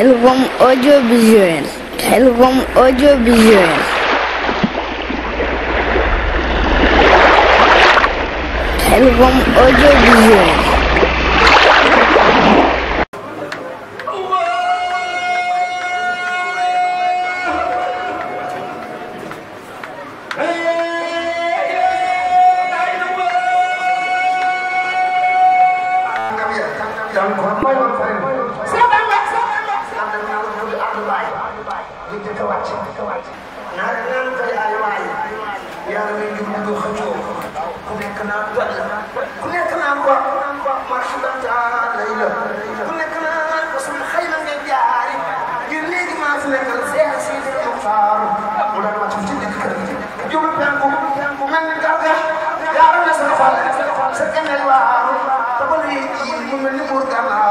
Helvom odiobijuer. Helvom odiobijuer. Helvom odiobijuer. naa ne naan ko yaay waay yàlla may jur du xëccoo ku nekk naan doj la ku nekk naan ko marché dantaa lay la ku nekk naan ko suñu xëy na ngay jaari ngir léegi maa fi nekkal seex si mu faaru mu daan wàcc ci digg kër gi jublu penku mel ni gaw ga yaaru na sa xol sa keneen waaru te ba léegi mu mel ni buur gànnaaw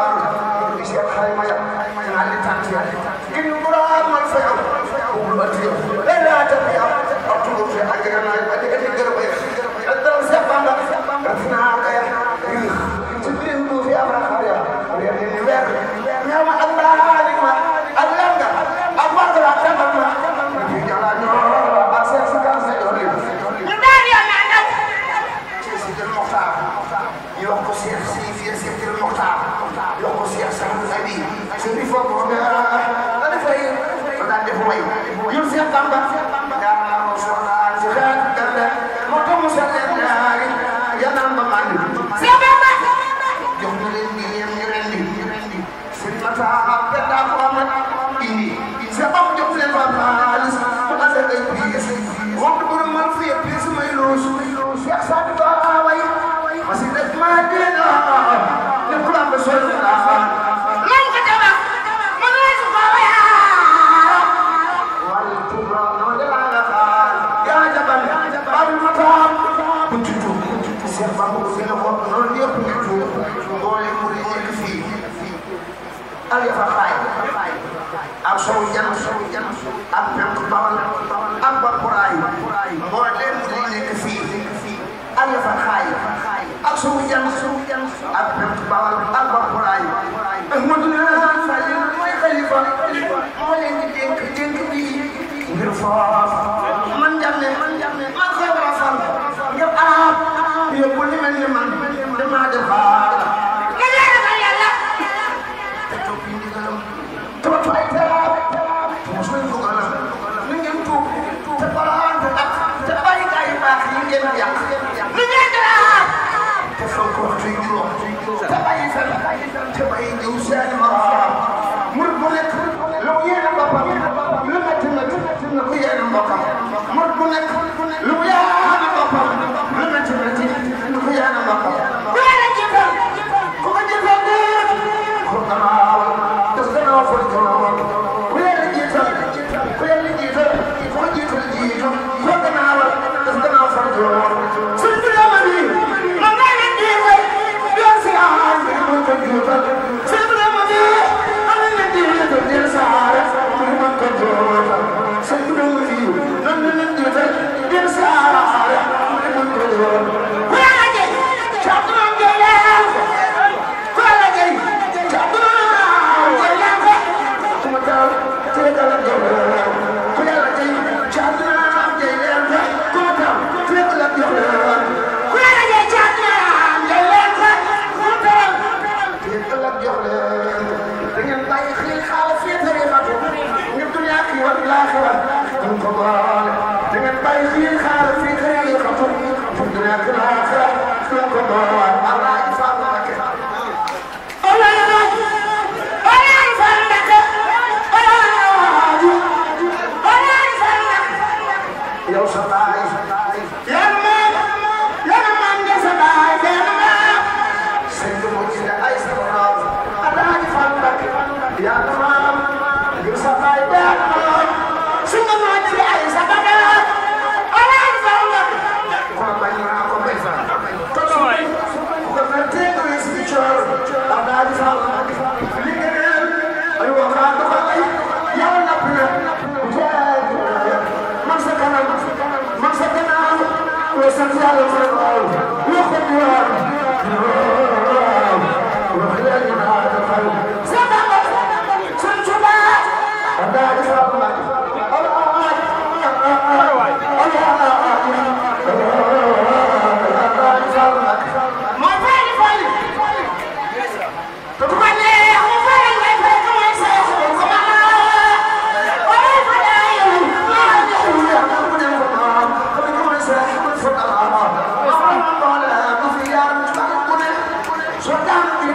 bii su bi foog moom la ah, ah, ah, dafay daan def way ñun Seex Bamba daa soxla si xaat dara moo tax mu sal leen ñaari yàllaam ba màndi jox na leen bi yem ñu rendi Sëriñ Mata ak yafa faay ak sow jan ak penk bawal ak bakuraay moo leen li nekk fii ak yafa faay ak sow jan ak penk bawal ak bakuraay te bàyyi jiw seen morom murid bu nekk lu mu yéene boppam lu métti métti na ko yéene mbokkam murid bu nekk lu mu yaane boppam lu métti métti na ko yéene mbokkam Thank you.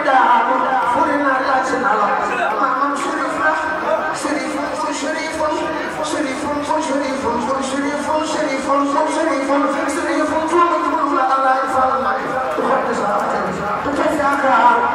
الوداع فرنا راسنا من شرف شريف شريف شريف شريف شريف شريف شريف شريف شريف الله يفرح تحدث تتفاعل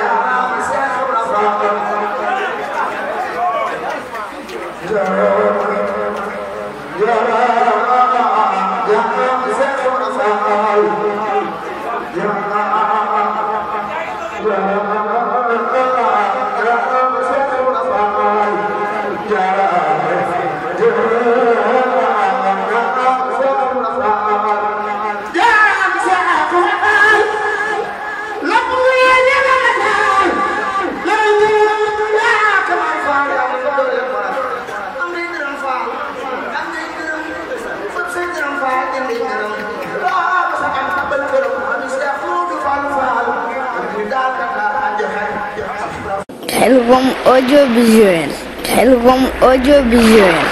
Helvom audiovisuel. ojo audiovisuel.